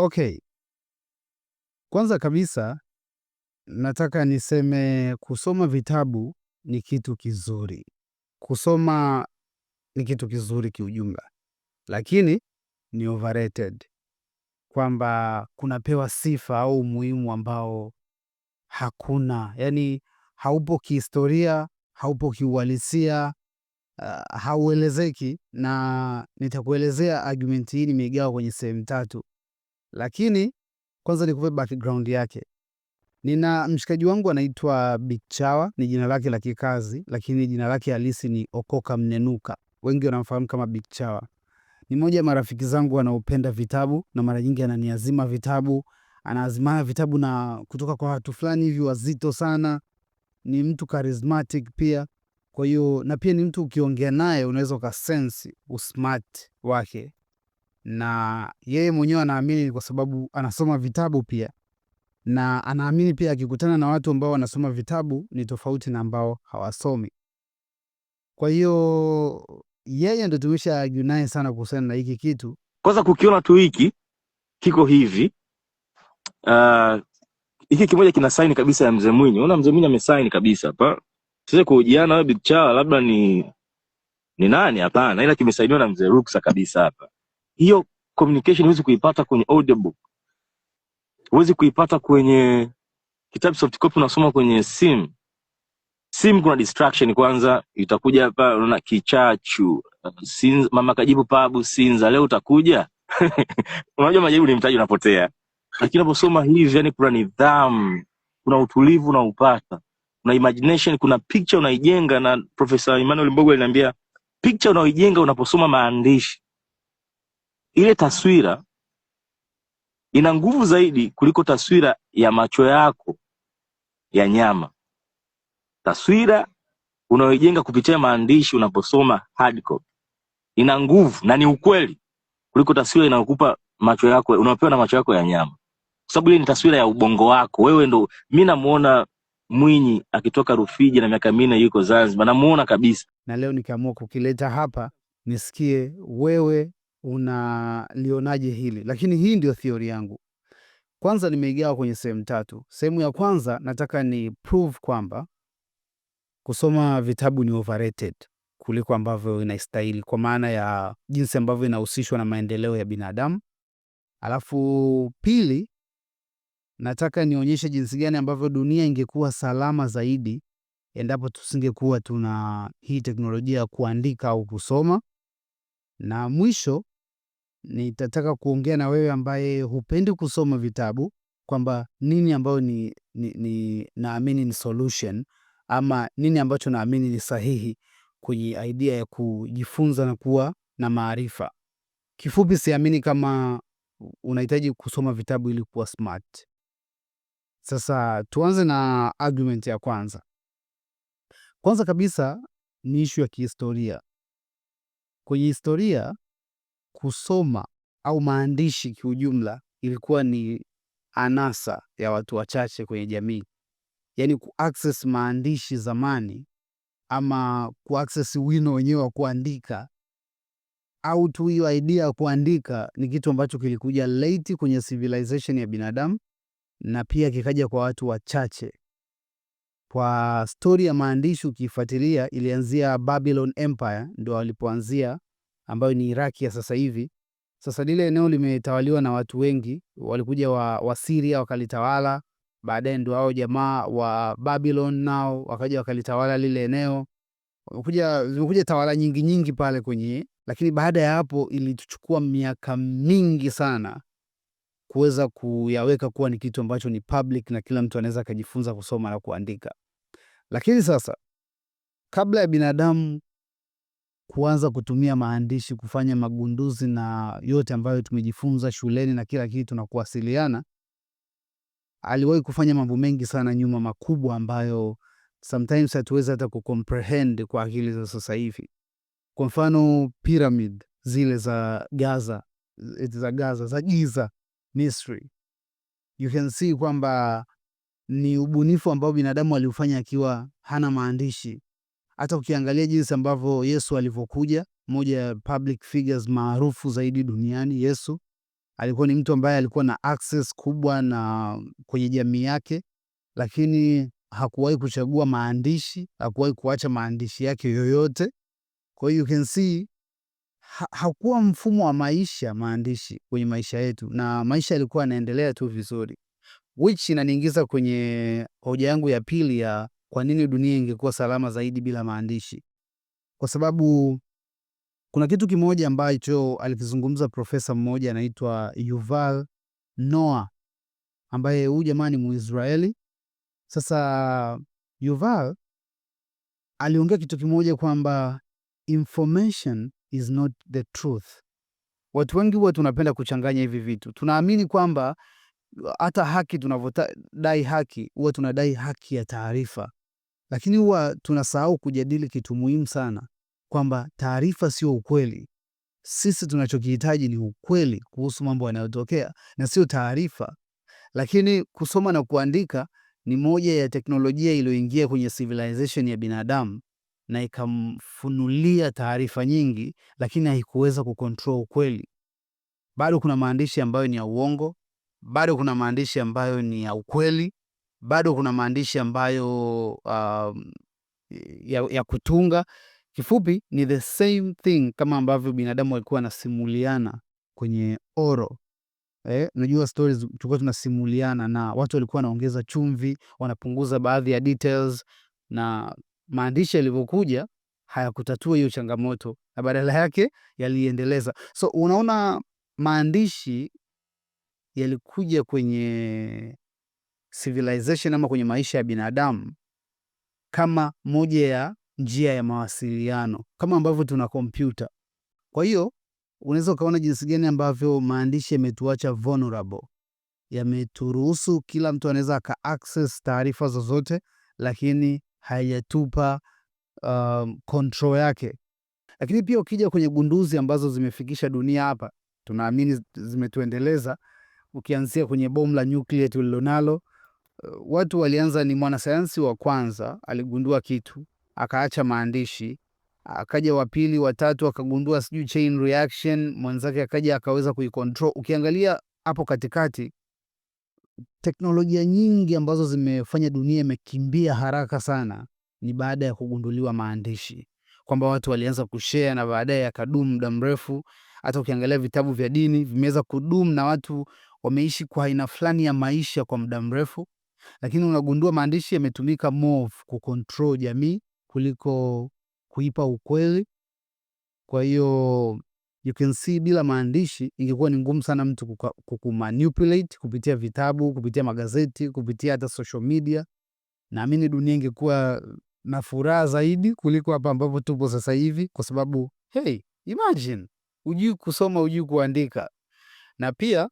Okay. Kwanza kabisa nataka niseme kusoma vitabu ni kitu kizuri. Kusoma ni kitu kizuri kiujumla, lakini ni overrated, kwamba kunapewa sifa au umuhimu ambao hakuna, yani haupo kihistoria, haupo kiuhalisia, uh, hauelezeki. Na nitakuelezea argument hii nimeigawa kwenye sehemu tatu. Lakini kwanza nikupe background yake. Nina mshikaji wangu anaitwa Bichawa, ni jina lake la kikazi, lakini jina lake halisi ni Okoka Mnenuka. Wengi wanamfahamu kama Bichawa. Ni mmoja ya marafiki zangu anaopenda vitabu na mara nyingi ananiazima vitabu, anaazimana vitabu na kutoka kwa watu fulani hivi wazito sana. Ni mtu charismatic pia. Kwa hiyo na pia ni mtu ukiongea naye unaweza ukasensi usmart wake na yeye mwenyewe anaamini kwa sababu anasoma vitabu pia, na anaamini pia akikutana na watu ambao wanasoma vitabu ni tofauti na ambao hawasomi. Kwa hiyo yeye ndo tumesha junae sana kuhusiana na hiki kitu. Kwanza kukiona tu hiki kiko hivi ah, hiki uh, kimoja kina saini kabisa ya mzee Mwinyi. Unaona mzee Mwinyi amesaini kabisa hapa. Sasa kuhojiana wewe bichaa labda ni ni nani? Hapana, ila kimesainiwa na mzee Ruksa kabisa hapa hiyo communication huwezi kuipata kwenye audiobook huwezi kuipata kwenye kitabu soft copy unasoma kwenye simu simu kuna distraction kwanza itakuja hapa unaona kichachu sinza, mama kajibu pabu sinza leo utakuja unajua majibu ni mtaji unapotea lakini unaposoma hivi yani kuna nidhamu kuna utulivu unaupata kuna imagination kuna picture unaijenga na profesa emmanuel mbogo aliniambia picture unaoijenga unaposoma maandishi ile taswira ina nguvu zaidi kuliko taswira ya macho yako ya nyama. Taswira unayoijenga kupitia maandishi unaposoma hard copy ina nguvu na ni ukweli kuliko taswira inayokupa macho yako unayopewa na macho yako ya nyama, kwa sababu ile ni taswira ya ubongo wako. Wewe ndo mi namuona Mwinyi akitoka Rufiji na miaka minne yuko Zanzibar, namuona kabisa. Na leo nikaamua kukileta hapa nisikie wewe unalionaje hili? Lakini hii ndio theory yangu. Kwanza nimeigawa kwenye sehemu tatu. Sehemu ya kwanza nataka ni prove kwamba kusoma vitabu ni overrated kuliko ambavyo inastahili, kwa maana ya jinsi ambavyo inahusishwa na maendeleo ya binadamu. Alafu pili, nataka nionyeshe jinsi gani ambavyo dunia ingekuwa salama zaidi endapo tusingekuwa tuna hii teknolojia ya kuandika au kusoma, na mwisho nitataka kuongea na wewe ambaye hupendi kusoma vitabu kwamba nini ambayo ni, ni, ni naamini ni solution ama nini ambacho naamini ni sahihi kwenye idea ya kujifunza na kuwa na maarifa. Kifupi, siamini kama unahitaji kusoma vitabu ili kuwa smart. Sasa tuanze na argument ya kwanza. Kwanza kabisa ni ishu ya kihistoria. Kwenye historia kusoma au maandishi kiujumla ilikuwa ni anasa ya watu wachache kwenye jamii. Yaani kuaccess maandishi zamani ama kuaccess wino wenyewe wa kuandika au tu hiyo idea ya kuandika ni kitu ambacho kilikuja late kwenye civilization ya binadamu na pia kikaja kwa watu wachache. Kwa stori ya maandishi ukiifuatilia, ilianzia Babylon Empire, ndo walipoanzia ambayo ni Iraki ya sasa hivi. Sasa lile eneo limetawaliwa na watu wengi, walikuja wa, wa Syria wakalitawala, baadaye ndio hao jamaa wa Babylon nao wakaja wakalitawala lile eneo. Wamekuja zimekuja tawala nyingi nyingi pale kwenye, lakini baada ya hapo ilituchukua miaka mingi sana kuweza kuyaweka kuwa ni kitu ambacho ni public na kila mtu anaweza akajifunza kusoma na kuandika. Lakini sasa kabla ya binadamu kuanza kutumia maandishi kufanya magunduzi na yote ambayo tumejifunza shuleni na kila kitu na kuwasiliana. Aliwahi kufanya mambo mengi sana nyuma makubwa ambayo sometimes hatuwezi hata kucomprehend kwa akili za sasa hivi. Kwa mfano pyramid zile za Gaza, za Gaza za Giza Misri, you can see kwamba ni ubunifu ambao binadamu aliufanya akiwa hana maandishi hata ukiangalia jinsi ambavyo Yesu alivyokuja, moja ya public figures maarufu zaidi duniani, Yesu alikuwa ni mtu ambaye alikuwa na access kubwa na kwenye jamii yake, lakini hakuwahi kuchagua maandishi, hakuwahi kuacha maandishi yake yoyote. Kwa hiyo you can see ha hakuwa mfumo wa maisha maandishi kwenye maisha yetu, na maisha yalikuwa yanaendelea tu vizuri, which inaniingiza kwenye hoja yangu ya pili ya kwa nini dunia ingekuwa salama zaidi bila maandishi? Kwa sababu kuna kitu kimoja ambacho alikizungumza profesa mmoja anaitwa Yuval Noah, ambaye huyu jamaa ni Muisraeli. Sasa Yuval aliongea kitu kimoja kwamba information is not the truth. Watu wengi huwa tunapenda kuchanganya hivi vitu, tunaamini kwamba hata haki tunavyodai haki huwa tunadai haki ya taarifa. Lakini huwa tunasahau kujadili kitu muhimu sana kwamba taarifa sio ukweli. Sisi tunachokihitaji ni ukweli kuhusu mambo yanayotokea na sio taarifa. Lakini kusoma na kuandika ni moja ya teknolojia iliyoingia kwenye civilization ya binadamu na ikamfunulia taarifa nyingi, lakini haikuweza kukontrol ukweli. Bado kuna maandishi ambayo ni ya uongo, bado kuna maandishi ambayo ni ya ukweli, bado kuna maandishi ambayo uh, ya, ya kutunga. Kifupi ni the same thing kama ambavyo binadamu walikuwa wanasimuliana kwenye oro eh, unajua stories tulikuwa tunasimuliana na watu walikuwa wanaongeza chumvi, wanapunguza baadhi ya details, na maandishi yalivyokuja hayakutatua hiyo changamoto na badala yake yaliendeleza. So unaona maandishi yalikuja kwenye civilization ama kwenye maisha ya binadamu kama moja ya njia ya mawasiliano kama ambavyo tuna kompyuta. Kwa hiyo unaweza ukaona jinsi gani ambavyo maandishi yametuacha vulnerable, yameturuhusu kila mtu anaweza aka access taarifa zozote, lakini haijatupa um, control yake. Lakini pia ukija kwenye gunduzi ambazo zimefikisha dunia hapa, tunaamini zimetuendeleza, ukianzia kwenye bomu la nyuklia tulilonalo watu walianza, ni mwanasayansi wa kwanza aligundua kitu akaacha maandishi, akaja wa pili, watatu akagundua sijui chain reaction, mwenzake akaja akaweza kuicontrol. Ukiangalia hapo katikati teknolojia nyingi ambazo zimefanya dunia imekimbia haraka sana ni baada ya kugunduliwa maandishi, kwamba watu walianza kushare na baadaye akadumu muda mrefu. Hata ukiangalia vitabu vya dini vimeweza kudumu na watu wameishi kwa aina fulani ya maisha kwa muda mrefu. Lakini unagundua maandishi yametumika move kucontrol jamii kuliko kuipa ukweli. Kwa hiyo you can see, bila maandishi ingekuwa ni ngumu sana mtu kukumanipulate kupitia vitabu, kupitia magazeti, kupitia hata social media. Naamini dunia ingekuwa na furaha zaidi kuliko hapa ambapo tupo sasa hivi, kwa sababu hey, imagine ujui kusoma, ujui kuandika na pia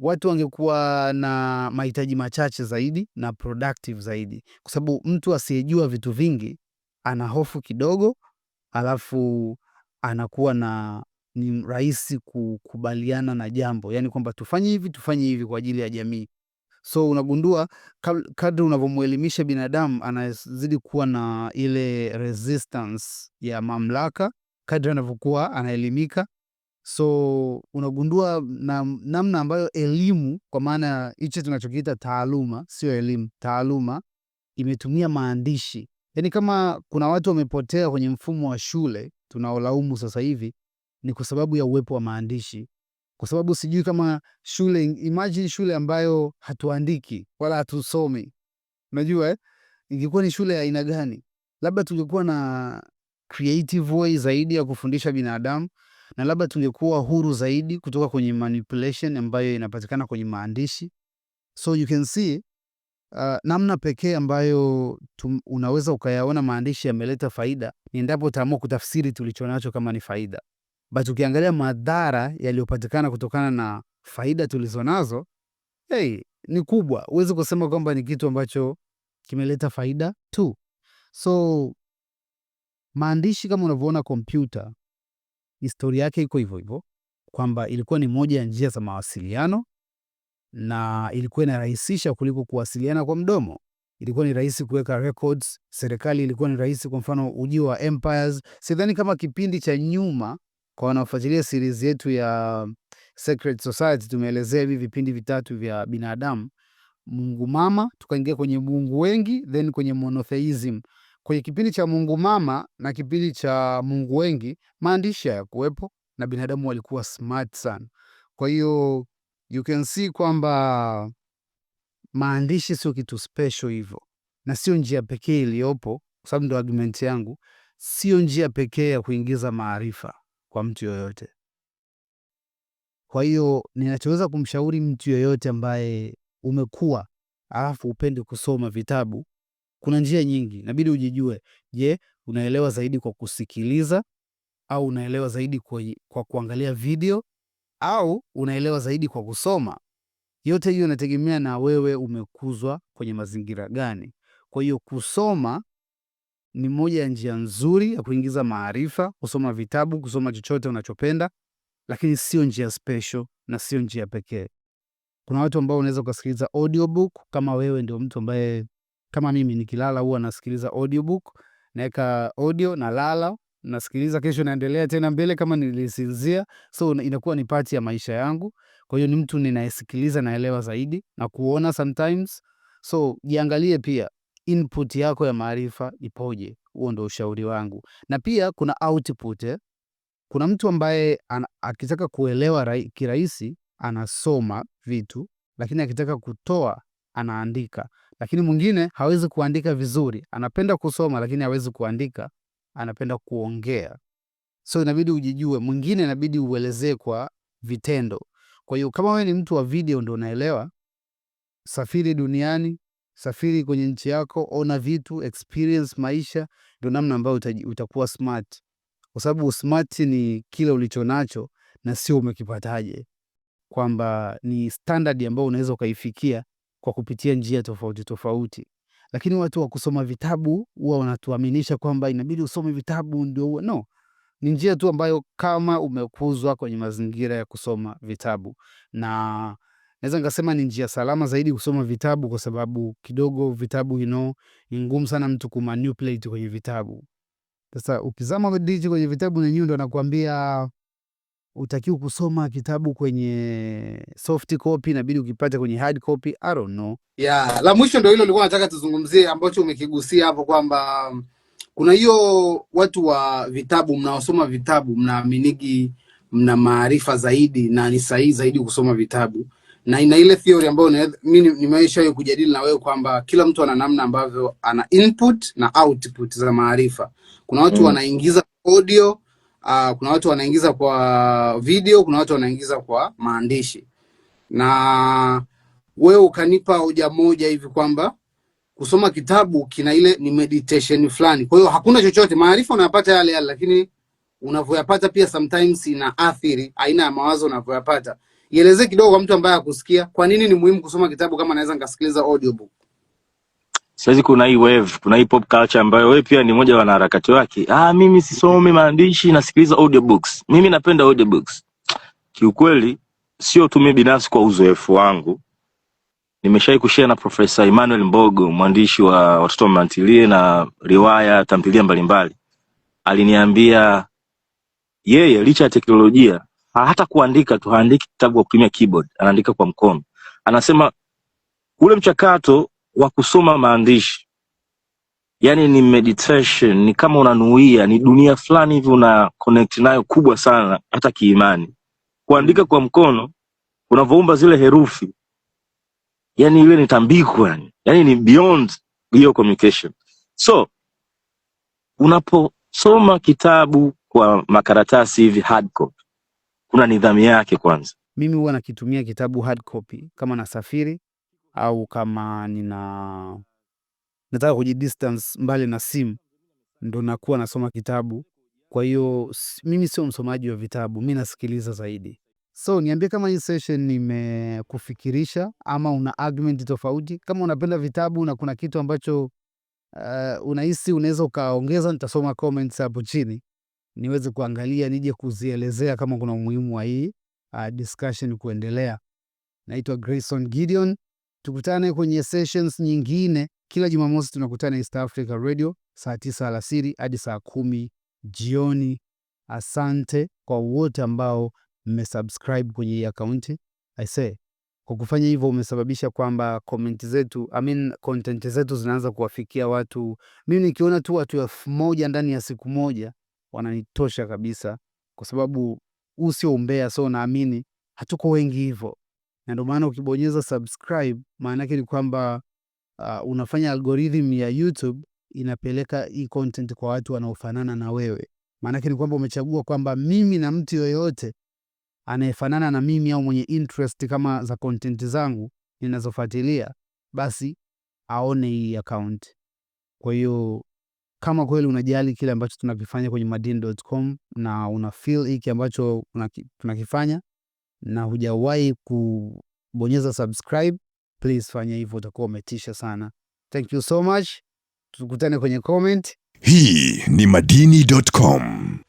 watu wangekuwa na mahitaji machache zaidi na productive zaidi, kwa sababu mtu asiyejua vitu vingi ana hofu kidogo, alafu anakuwa na ni rahisi kukubaliana na jambo, yani kwamba tufanye hivi tufanye hivi kwa ajili ya jamii. So unagundua kadri unavyomwelimisha binadamu anazidi kuwa na ile resistance ya mamlaka, kadri anavyokuwa anaelimika So unagundua na, namna ambayo elimu kwa maana hicho tunachokiita taaluma, sio elimu, taaluma imetumia maandishi. Yaani kama kuna watu wamepotea kwenye mfumo wa shule tunaolaumu sasa hivi ni kwa sababu ya uwepo wa maandishi, kwa sababu sijui kama shule, imagine shule ambayo hatuandiki wala hatusomi, unajua eh? Ingekuwa ni shule ya aina gani? Labda tungekuwa na creative way zaidi ya kufundisha binadamu na labda tungekuwa huru zaidi kutoka kwenye manipulation ambayo inapatikana kwenye maandishi. So you can see uh, namna pekee ambayo tum, unaweza ukayaona maandishi yameleta faida ni endapo utaamua kutafsiri tulicho nacho kama ni faida, but ukiangalia madhara yaliyopatikana kutokana na faida tulizonazo, hey, ni kubwa. Huwezi kusema kwamba ni kitu ambacho kimeleta faida tu. So maandishi kama unavyoona kompyuta historia yake iko hivyo hivyo kwamba ilikuwa ni moja ya njia za mawasiliano na ilikuwa inarahisisha kuliko kuwasiliana kwa mdomo. Ilikuwa ni rahisi kuweka records, serikali ilikuwa ni rahisi. Kwa mfano ujio wa empires, sidhani kama kipindi cha nyuma, kwa wanaofuatilia series yetu ya Secret Society tumeelezea hivi vipindi vitatu vya binadamu: Mungu mama, tukaingia kwenye mungu wengi, then kwenye monotheism kwenye kipindi cha Mungu Mama na kipindi cha Mungu Wengi maandishi hayakuwepo na binadamu walikuwa smart sana. Kwa hiyo you can see kwamba maandishi sio kitu special hivyo, na sio njia pekee iliyopo, kwa sababu ndo argument yangu, sio njia pekee ya kuingiza maarifa kwa mtu yoyote. Kwa hiyo ninachoweza kumshauri mtu yoyote ambaye umekuwa alafu upende kusoma vitabu kuna njia nyingi, inabidi ujijue. Je, unaelewa zaidi kwa kusikiliza au unaelewa zaidi kwa, kwa kuangalia video au unaelewa zaidi kwa kusoma? Yote hiyo inategemea na wewe umekuzwa kwenye mazingira gani. Kwa hiyo kusoma ni moja ya njia nzuri ya kuingiza maarifa, kusoma vitabu, kusoma chochote unachopenda, lakini sio njia special na sio njia pekee. Kuna watu ambao unaweza ukasikiliza audiobook kama wewe ndio mtu ambaye kama mimi nikilala huwa nasikiliza audiobook, naweka audio na lala nasikiliza, kesho naendelea tena mbele kama nilisinzia. So inakuwa ni part ya maisha yangu. Kwa hiyo ni mtu ninayesikiliza, naelewa zaidi na kuona sometimes. So jiangalie pia input yako ya maarifa ipoje. Huo ndo ushauri wangu, na pia kuna output eh. Kuna mtu ambaye an, akitaka kuelewa kirahisi anasoma vitu, lakini akitaka kutoa anaandika. Lakini mwingine hawezi kuandika vizuri, anapenda kusoma lakini hawezi kuandika, anapenda kuongea. So inabidi ujijue. Mwingine inabidi uelezee kwa vitendo. Kwa hiyo kama wewe ni mtu wa video ndio unaelewa, safiri duniani, safiri kwenye nchi yako, ona vitu, experience maisha, ndio namna ambayo utakuwa smart, kwa sababu smart ni kile ulicho nacho na sio umekipataje, kwamba ni standard ambayo unaweza ukaifikia kwa kupitia njia tofauti tofauti, lakini watu wa kusoma vitabu huwa wanatuaminisha kwamba inabidi usome vitabu ndio uwe no. Ni njia tu ambayo kama umekuzwa kwenye mazingira ya kusoma vitabu, na naweza nikasema ni njia salama zaidi kusoma vitabu, kwa sababu kidogo vitabu you know, ni ngumu sana mtu kumanipulate kwenye vitabu. Sasa ukizama kwenye vitabu, nenyewe ndo anakuambia utakiwa kusoma kitabu kwenye soft copy, inabidi ukipata kwenye hard copy. I don't know. Yeah, la mwisho ndio hilo nilikuwa nataka tuzungumzie, ambacho umekigusia hapo kwamba um, kuna hiyo watu wa vitabu mnaosoma vitabu mnaaminigi mna maarifa zaidi na ni sahihi zaidi kusoma vitabu, na ina ile theory ambayo mimi nimeisha kujadili na wewe kwamba kila mtu ana namna ambavyo ana input na output za maarifa. Kuna watu mm. wanaingiza audio uh, kuna watu wanaingiza kwa video, kuna watu wanaingiza kwa maandishi, na wewe ukanipa hoja moja hivi kwamba kusoma kitabu kina ile ni meditation fulani. Kwa hiyo hakuna chochote, maarifa unayapata yale yale, lakini unavyoyapata pia sometimes ina athiri aina ya mawazo unavyoyapata. Ielezee kidogo kwa mtu ambaye akusikia kwa nini ni muhimu kusoma kitabu kama naweza nikasikiliza audiobook? sahizi kuna hii wave, kuna hii pop culture ambayo wewe pia ni mmoja wa wanaharakati wake. Ah, mimi sisomi maandishi, nasikiliza audiobooks. Mimi napenda audiobooks. Kiukweli sio tu mimi binafsi, kwa uzoefu wangu nimeshawahi kushare na Profesa Emmanuel Mbogo, mwandishi wa watoto wa mantilie na riwaya tamthilia mbalimbali. Aliniambia yeye licha ya teknolojia hata kuandika tu haandiki kitabu kwa kutumia keyboard, anaandika kwa mkono. Anasema ule mchakato wa kusoma maandishi yani ni meditation, ni kama unanuia, ni dunia fulani hivi una connect nayo kubwa sana, hata kiimani. Kuandika kwa mkono unavoumba zile herufi, yani ile ni tambiko, yani yani ni beyond hiyo communication. So unaposoma kitabu kwa makaratasi hivi hard copy, kuna nidhamu yake kwanza. Mimi huwa nakitumia kitabu hard copy kama nasafiri au kama nina nataka kujidistance mbali na simu ndo nakuwa nasoma kitabu. Kwa hiyo mimi sio msomaji wa vitabu, mi nasikiliza zaidi. So niambie kama hii session nimekufikirisha ama una argument tofauti. Kama unapenda vitabu na kuna kitu ambacho uh, unahisi unaweza ukaongeza, nitasoma comments hapo chini niweze kuangalia nije kuzielezea kama kuna umuhimu wa hii uh, discussion kuendelea. Naitwa Grayson Gideon. Tukutane kwenye sessions nyingine. Kila Jumamosi tunakutana East Africa Radio saa tisa alasiri hadi saa kumi jioni. Asante kwa wote ambao mmesubscribe kwenye hii akaunti. I say kwa kufanya hivyo umesababisha kwamba komenti zetu I mean, content zetu zinaanza kuwafikia watu. Mimi nikiona tu watu elfu moja ndani ya siku moja wananitosha kabisa, kwa sababu huu sio umbea, so naamini hatuko wengi hivyo na ndio maana ukibonyeza subscribe, maana yake ni kwamba uh, unafanya algorithm ya YouTube inapeleka hii content kwa watu wanaofanana na wewe. Maana yake ni kwamba umechagua kwamba mimi na mtu yoyote anayefanana na mimi au mwenye interest kama za content zangu ninazofuatilia, basi aone hii account. Kwa hiyo kama kweli unajali kile ambacho tunakifanya kwenye madini.com na una feel hiki ambacho tunakifanya na hujawahi kubonyeza subscribe, please fanya hivyo, utakuwa umetisha sana. Thank you so much, tukutane kwenye comment. Hii ni Madini.com.